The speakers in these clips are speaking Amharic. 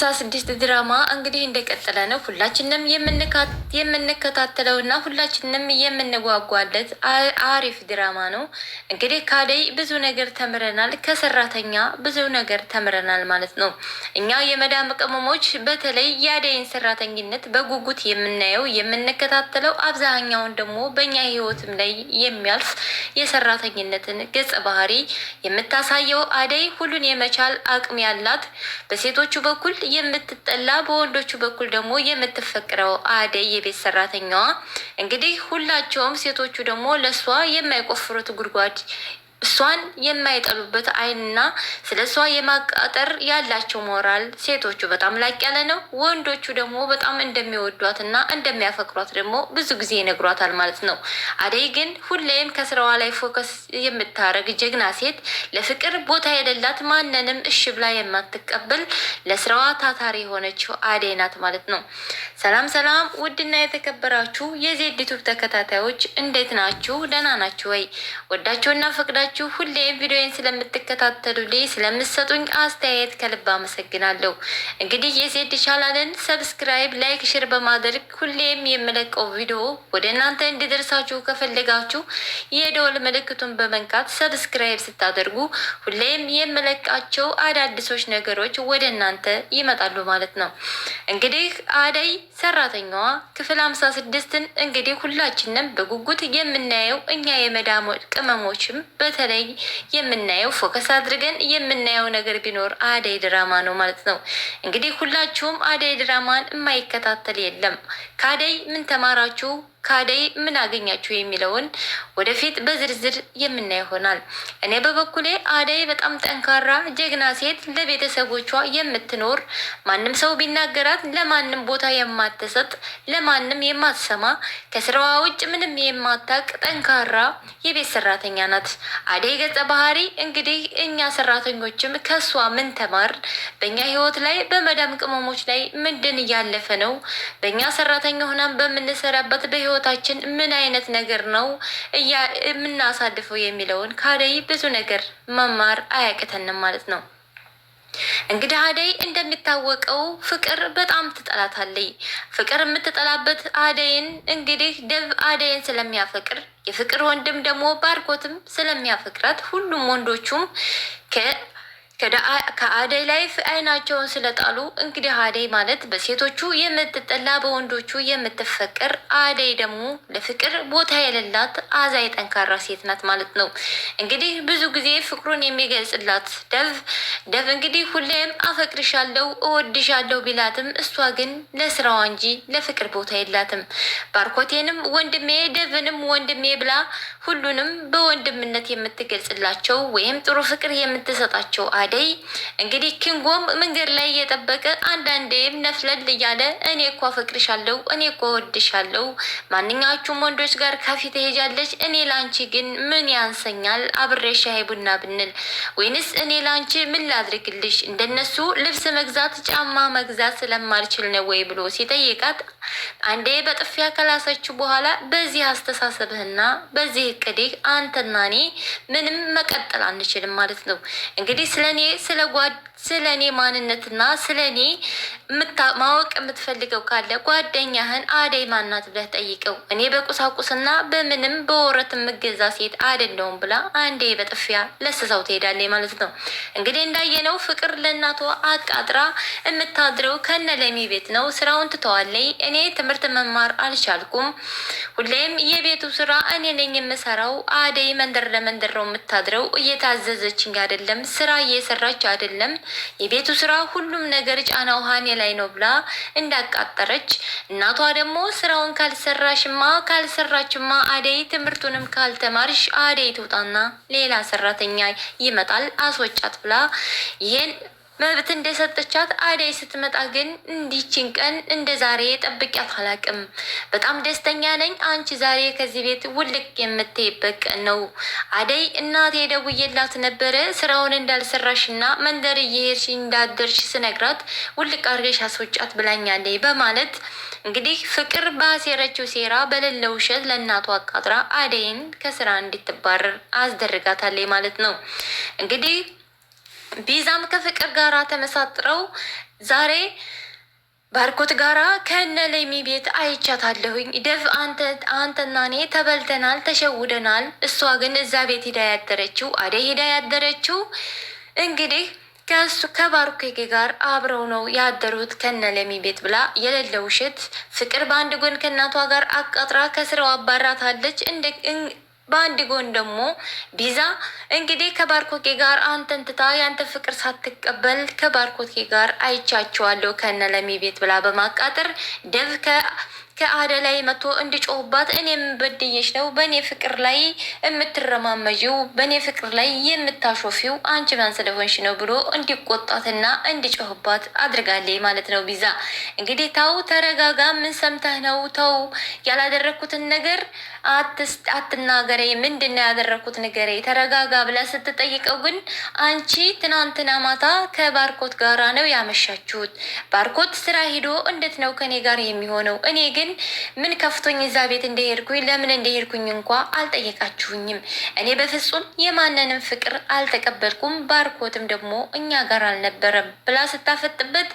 ስልሳ ስድስት ድራማ እንግዲህ እንደቀጠለ ነው። ሁላችንም የምንከታተለው እና ሁላችንም የምንጓጓለት አሪፍ ድራማ ነው። እንግዲህ ከአደይ ብዙ ነገር ተምረናል፣ ከሰራተኛ ብዙ ነገር ተምረናል ማለት ነው። እኛ የመዳም ቅመሞች በተለይ የአደይን ሰራተኝነት በጉጉት የምናየው የምንከታተለው፣ አብዛኛውን ደግሞ በእኛ ህይወትም ላይ የሚያልፍ የሰራተኝነትን ገጸ ባህሪ የምታሳየው አደይ ሁሉን የመቻል አቅም ያላት በሴቶቹ በኩል የምትጠላ በወንዶቹ በኩል ደግሞ የምትፈቅረው አደይ የቤት ሰራተኛዋ እንግዲህ ሁላቸውም ሴቶቹ ደግሞ ለእሷ የማይቆፍሩት ጉድጓድ እሷን የማይጠሉበት አይንና ስለ እሷ የማቃጠር ያላቸው ሞራል ሴቶቹ በጣም ላቅ ያለ ነው። ወንዶቹ ደግሞ በጣም እንደሚወዷትና እንደሚያፈቅሯት ደግሞ ብዙ ጊዜ ይነግሯታል ማለት ነው። አደይ ግን ሁሌም ከስራዋ ላይ ፎከስ የምታረግ ጀግና ሴት፣ ለፍቅር ቦታ የሌላት ማንንም እሽ ብላ የማትቀበል ለስራዋ ታታሪ የሆነችው አደይ ናት ማለት ነው። ሰላም ሰላም! ውድና የተከበራችሁ የዜድ ዩቱብ ተከታታዮች እንዴት ናችሁ? ደህና ናችሁ ወይ? ወዳችሁና ፈቅዳ ሆናችሁ ሁሌ ቪዲዮን ስለምትከታተሉልኝ ስለምሰጡኝ አስተያየት ከልብ አመሰግናለሁ። እንግዲህ የዜድ ቻናልን ሰብስክራይብ፣ ላይክ፣ ሼር በማድረግ ሁሌም የምለቀው ቪዲዮ ወደ እናንተ እንዲደርሳችሁ ከፈለጋችሁ የደወል ምልክቱን በመንካት ሰብስክራይብ ስታደርጉ ሁሌም የምለቃቸው አዳዲሶች ነገሮች ወደ እናንተ ይመጣሉ ማለት ነው። እንግዲህ አደይ ሰራተኛዋ ክፍል ሀምሳ ስድስትን እንግዲህ ሁላችንም በጉጉት የምናየው እኛ የመዳሞ ቅመሞችም በት በተለይ የምናየው ፎከስ አድርገን የምናየው ነገር ቢኖር አደይ ድራማ ነው ማለት ነው። እንግዲህ ሁላችሁም አደይ ድራማን የማይከታተል የለም። ከአደይ ምን ተማራችሁ? ከአደይ ምን አገኛችሁ የሚለውን ወደፊት በዝርዝር የምናይ ይሆናል። እኔ በበኩሌ አደይ በጣም ጠንካራ ጀግና ሴት፣ ለቤተሰቦቿ የምትኖር ማንም ሰው ቢናገራት ለማንም ቦታ የማትሰጥ ለማንም የማትሰማ ከስራዋ ውጭ ምንም የማታቅ ጠንካራ የቤት ሰራተኛ ናት። አደይ ገጸ ባህሪ እንግዲህ እኛ ሰራተኞችም ከሷ ምን ተማር በእኛ ህይወት ላይ በመዳም ቅመሞች ላይ ምንድን እያለፈ ነው በእኛ ሰራተኛ ሆናን በምንሰራበት በህይወት ህይወታችን ምን አይነት ነገር ነው የምናሳልፈው የሚለውን ከአደይ ብዙ ነገር መማር አያቅተንም ማለት ነው። እንግዲህ አደይ እንደሚታወቀው ፍቅር በጣም ትጠላታለይ። ፍቅር የምትጠላበት አደይን እንግዲህ ደብ አደይን ስለሚያፈቅር የፍቅር ወንድም ደግሞ ባርኮትም ስለሚያፈቅራት ሁሉም ወንዶቹም ከ ከአደይ ላይ አይናቸውን ስለጣሉ እንግዲህ አደይ ማለት በሴቶቹ የምትጠላ በወንዶቹ የምትፈቅር አደይ ደግሞ ለፍቅር ቦታ የሌላት አዛይ ጠንካራ ሴት ናት ማለት ነው። እንግዲህ ብዙ ጊዜ ፍቅሩን የሚገልጽላት ደብ ደቭ እንግዲህ ሁሌም አፈቅርሻለሁ፣ እወድሻለሁ ቢላትም እሷ ግን ለስራዋ እንጂ ለፍቅር ቦታ የላትም። ባርኮቴንም ወንድሜ ደብንም ወንድሜ ብላ ሁሉንም በወንድምነት የምትገልጽላቸው ወይም ጥሩ ፍቅር የምትሰጣቸው አደይ እንግዲህ ኪንጎም መንገድ ላይ እየጠበቀ አንዳንዴም ነፍለል እያለ እኔ እኮ አፈቅርሻለሁ፣ እኔ እኮ እወድሻለሁ፣ ማንኛዎቹም ወንዶች ጋር ከፊት ሄጃለች፣ እኔ ላንቺ ግን ምን ያንሰኛል? አብሬ ሻይ ቡና ብንል ወይንስ እኔ ላንቺ ምን ላድርግልሽ? እንደነሱ ልብስ መግዛት፣ ጫማ መግዛት ስለማልችል ነው ወይ ብሎ ሲጠይቃት አንዴ በጥፊያ ከላሰችው በኋላ በዚህ አስተሳሰብህና በዚህ እቅድህ አንተና እኔ ምንም መቀጠል አንችልም ማለት ነው። እንግዲህ ስለኔ ስለ ጓድ ስለ እኔ ማንነትና ስለ እኔ ማወቅ የምትፈልገው ካለ ጓደኛህን አደይ ማናት ብለህ ጠይቀው። እኔ በቁሳቁስና በምንም በወረት የምገዛ ሴት አይደለሁም ብላ አንዴ በጥፊያ ለስሳው ትሄዳለች ማለት ነው። እንግዲህ እንዳየነው ፍቅር ለእናቷ አቃጥራ የምታድረው ከነ ለሚ ቤት ነው። ስራውን ትተዋለይ እኔ ትምህርት መማር አልቻልኩም። ሁሌም የቤቱ ስራ እኔ ነኝ የምሰራው። አደይ መንደር ለመንደር ነው የምታድረው። እየታዘዘችኝ አይደለም፣ ስራ እየሰራች አይደለም። የቤቱ ስራ ሁሉም ነገር ጫናው እኔ ላይ ነው ብላ እንዳቃጠረች፣ እናቷ ደግሞ ስራውን ካልሰራሽማ ካልሰራችማ አደይ ትምህርቱንም ካልተማርሽ አደይ ትውጣና ሌላ ሰራተኛ ይመጣል አስወጫት ብላ ይሄን መብት እንደሰጠቻት አደይ ስትመጣ ግን እንዲችን ቀን እንደ ዛሬ ጠብቂያት አላቅም። በጣም ደስተኛ ነኝ። አንቺ ዛሬ ከዚህ ቤት ውልቅ የምትይበት ቀን ነው። አደይ እናቴ ደውዬላት ነበረ ስራውን እንዳልሰራሽና መንደር እየሄድሽ እንዳደርሽ ስነግራት ውልቅ አድርገሽ አስወጫት ብላኛለች በማለት እንግዲህ ፍቅር ባሴረችው ሴራ በሌለ ውሸት ለእናቷ አቃጥራ አደይን ከስራ እንድትባረር አስደርጋታለች ማለት ነው እንግዲህ ቤዛም ከፍቅር ጋራ ተመሳጥረው ዛሬ ባርኮት ጋራ ከነ ለሚ ቤት አይቻታለሁኝ። ደፍ አንተና እኔ ተበልተናል፣ ተሸውደናል። እሷ ግን እዛ ቤት ሂዳ ያደረችው አዴ ሂዳ ያደረችው እንግዲህ ከሱ ከባርኮቴ ጋር አብረው ነው ያደሩት ከነ ለሚ ቤት ብላ የሌለ ውሸት ፍቅር በአንድ ጎን ከእናቷ ጋር አቃጥራ ከስራው አባራታለች። በአንድ ጎን ደግሞ ቢዛ እንግዲህ ከባርኮቴ ጋር አንተን ትታ ያንተ ፍቅር ሳትቀበል ከባርኮቴ ጋር አይቻቸዋለሁ ከነለሚ ቤት ብላ በማቃጠር ደብከ ከአደ ላይ መቶ እንድጮህባት እኔ የምበድየሽ ነው። በእኔ ፍቅር ላይ የምትረማመጂው፣ በእኔ ፍቅር ላይ የምታሾፊው አንቺ ማን ስለሆንሽ ነው ብሎ እንዲቆጣትና እንድጮህባት አድርጋለች ማለት ነው። ቢዛ እንግዲህ ታው ተረጋጋ፣ ምን ሰምተህ ነው? ተው ያላደረግኩትን ነገር አትናገረኝ፣ ምንድን ነው ያደረግኩት ንገሬ፣ ተረጋጋ ብላ ስትጠይቀው ግን አንቺ ትናንትና ማታ ከባርኮት ጋራ ነው ያመሻችሁት። ባርኮት ስራ ሂዶ እንዴት ነው ከኔ ጋር የሚሆነው? እኔ ግን ግን ምን ከፍቶኝ እዛ ቤት እንደሄድኩኝ ለምን እንደሄድኩኝ እንኳ አልጠየቃችሁኝም። እኔ በፍጹም የማንንም ፍቅር አልተቀበልኩም፣ ባርኮትም ደግሞ እኛ ጋር አልነበረም ብላ ስታፈጥበት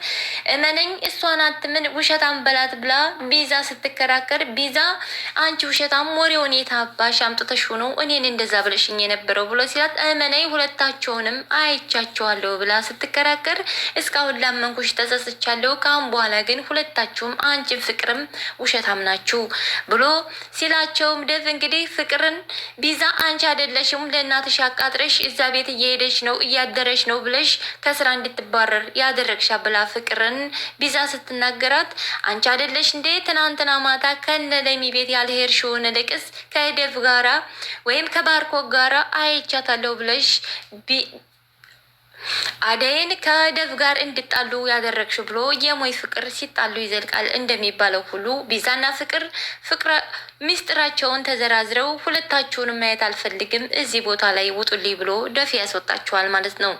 እመነኝ እሷን ናት ምን ውሸታም በላት ብላ ቢዛ ስትከራከር፣ ቢዛ አንቺ ውሸታም ወሬውን የታባሽ አምጥተሽ ነው እኔን እንደዛ ብለሽኝ የነበረው ብሎ ሲላት፣ እመነኝ ሁለታቸውንም አይቻቸዋለሁ ብላ ስትከራከር፣ እስካሁን ላመንኩሽ ተጸጽቻለሁ። ከአሁን በኋላ ግን ሁለታችሁም አንቺን ፍቅርም ውሸታም ናችሁ ብሎ ሲላቸውም ደፍ እንግዲህ ፍቅርን ቢዛ አንቺ አይደለሽም ለእናትሽ አቃጥረሽ እዛ ቤት እየሄደች ነው እያደረች ነው ብለሽ ከስራ እንድትባረር ያደረግሻ ብላ ፍቅርን ያን ቢዛ ስትናገራት አንቺ አደለሽ እንዴ ትናንትና ማታ ከነ ለሚ ቤት ያልሄድሽውን ልቅስ ከደፍ ጋራ ወይም ከባርኮ ጋራ አይቻታለሁ ብለሽ አደይን ከደፍ ጋር እንድጣሉ ያደረግሽ ብሎ የሞይ ፍቅር ሲጣሉ ይዘልቃል እንደሚባለው ሁሉ ቢዛና ፍቅር ፍቅረ ሚስጥራቸውን ተዘራዝረው ሁለታችሁንም ማየት አልፈልግም እዚህ ቦታ ላይ ውጡልኝ ብሎ ደፊ ያስወጣችኋል ማለት ነው።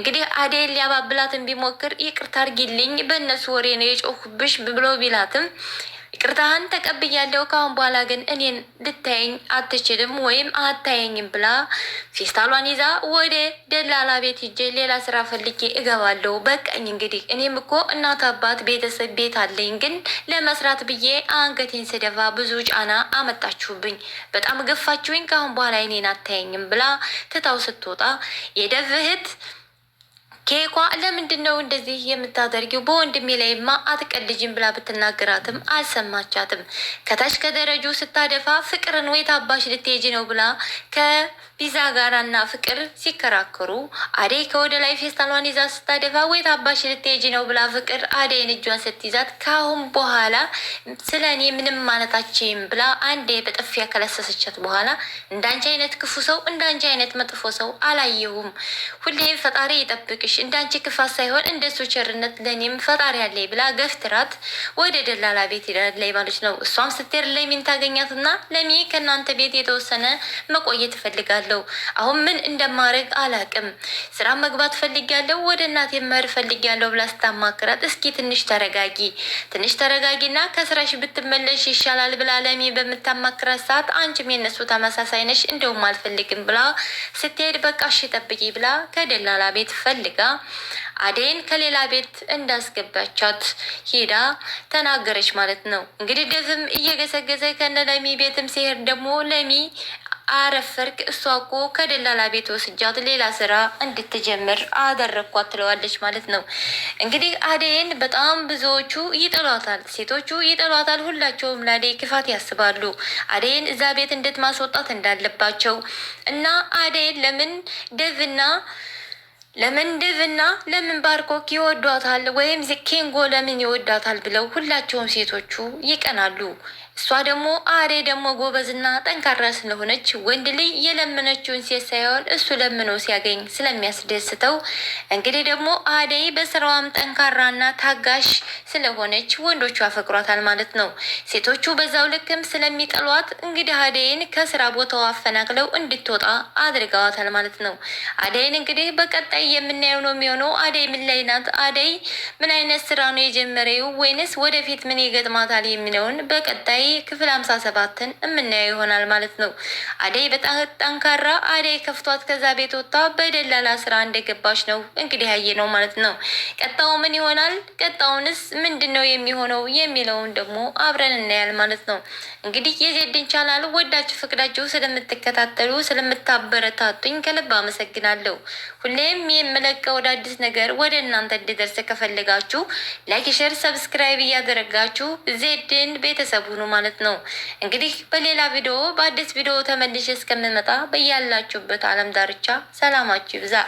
እንግዲህ አደይን ሊያባብላትን ቢሞክር ይቅርታ አርጊልኝ በእነሱ ወሬ ነው የጮሁብሽ ብሎ ቢላትም ይቅርታህን ተቀብያለሁ፣ ካሁን በኋላ ግን እኔን ልታየኝ አትችልም ወይም አታየኝም ብላ ፌስታሏን ይዛ ወደ ደላላ ቤት ሂጄ ሌላ ስራ ፈልጌ እገባለሁ። በቀኝ እንግዲህ እኔም እኮ እናት፣ አባት፣ ቤተሰብ፣ ቤት አለኝ፣ ግን ለመስራት ብዬ አንገቴን ስደፋ ብዙ ጫና አመጣችሁብኝ፣ በጣም ገፋችሁኝ፣ ካሁን በኋላ እኔን አታየኝም ብላ ትታው ስትወጣ የደብ እህት ኬኳ ለምንድን ነው እንደዚህ የምታደርጊው? በወንድሜ ላይማ አትቀልጅም ብላ ብትናገራትም አልሰማቻትም። ከታች ከደረጁ ስታደፋ ፍቅርን ወይ ታባሽ ልትሄጂ ነው ብላ ከቢዛ ጋራና ፍቅር ሲከራከሩ አደይ ከወደ ላይ ፌስታሏን ይዛ ስታደፋ ወይ ታባሽ ልትሄጂ ነው ብላ ፍቅር አደይን እጇን ስትይዛት ካሁን በኋላ ስለ እኔ ምንም ማለታችም ብላ አንዴ በጥፊ ያከለሰሰቻት በኋላ እንዳንቺ አይነት ክፉ ሰው እንዳንቺ አይነት መጥፎ ሰው አላየሁም። ሁሌም ፈጣሪ ይጠብቅሽ እንዳንቺ ክፋት ሳይሆን እንደሱ ቸርነት ለእኔም ፈጣሪ ያለኝ ብላ ገፍትራት ወደ ደላላ ቤት ሄዳለች ማለት ነው። እሷም ስትሄድ ለሚን ታገኛትና ለሚ ከእናንተ ቤት የተወሰነ መቆየት እፈልጋለሁ። አሁን ምን እንደማድረግ አላቅም። ስራ መግባት ፈልጊያለሁ፣ ወደ እናቴ መሄድ ፈልጊያለሁ ብላ ስታማክራት እስኪ ትንሽ ተረጋጊ፣ ትንሽ ተረጋጊና ከስራሽ ብትመለሽ ይሻላል ብላ ለሚ በምታማክራት ሰዓት አንቺም የነሱ ተመሳሳይ ነሽ፣ እንደውም አልፈልግም ብላ ስትሄድ በቃ እሺ ጠብቂ ብላ ከደላላ ቤት ፈልጋ አዴን ከሌላ ቤት እንዳስገባቻት ሄዳ ተናገረች ማለት ነው። እንግዲህ ደፍም እየገሰገሰ ከነ ለሚ ቤትም ሲሄድ ደግሞ ለሚ አረፈርክ እሷ እኮ ከደላላ ቤት ወስጃት ሌላ ስራ እንድትጀምር አደረግኳት ትለዋለች ማለት ነው። እንግዲህ አደይን በጣም ብዙዎቹ ይጠሏታል፣ ሴቶቹ ይጠሏታል። ሁላቸውም ለአደይ ክፋት ያስባሉ። አደይን እዛ ቤት እንዴት ማስወጣት እንዳለባቸው እና አደይን ለምን ደቭና ለምን እና ለምን ባርኮክ ይወዷታል ወይም ኬንጎ ለምን ይወዷታል ብለው ሁላቸውም ሴቶቹ ይቀናሉ። እሷ ደግሞ አሬ ደግሞ ጎበዝና ጠንካራ ስለሆነች ወንድ ልጅ የለመነችውን ሴት ሳይሆን እሱ ለምኖ ሲያገኝ ስለሚያስደስተው እንግዲህ ደግሞ አደይ በስራዋም ጠንካራና ታጋሽ ስለሆነች ወንዶቹ አፈቅሯታል ማለት ነው። ሴቶቹ በዛው ልክም ስለሚጠሏት እንግዲህ አደይን ከስራ ቦታው አፈናቅለው እንድትወጣ አድርገዋታል ማለት ነው። አደይን እንግዲህ በቀጣይ የምናየው ነው የሚሆነው። አደይ ምን ላይ ናት? አደይ ምን አይነት ስራ ነው የጀመረው? ወይንስ ወደፊት ምን ይገጥማታል የሚለውን በቀጣይ ክፍል ሀምሳ ሰባትን የምናየው ይሆናል ማለት ነው። አደይ በጣም ጠንካራ አደይ ከፍቷት ከዛ ቤት ወጥታ በደላላ ስራ እንደገባች ነው እንግዲህ ያየ ነው ማለት ነው። ቀጣው ምን ይሆናል? ቀጣውንስ ምንድን ነው የሚሆነው የሚለውን ደግሞ አብረን እናያል ማለት ነው። እንግዲህ የዜድን ቻናል ወዳችሁ ፍቅዳችሁ ስለምትከታተሉ ስለምታበረታቱኝ ከልብ አመሰግናለሁ ሁሌም የምለቀው ወደ አዲስ ነገር ወደ እናንተ እንዲደርስ ከፈልጋችሁ ላይክ፣ ሸር፣ ሰብስክራይብ እያደረጋችሁ ዜድን ቤተሰብ ሁኑ ማለት ነው። እንግዲህ በሌላ ቪዲዮ በአዲስ ቪዲዮ ተመልሼ እስከምመጣ በያላችሁበት ዓለም ዳርቻ ሰላማችሁ ይብዛ።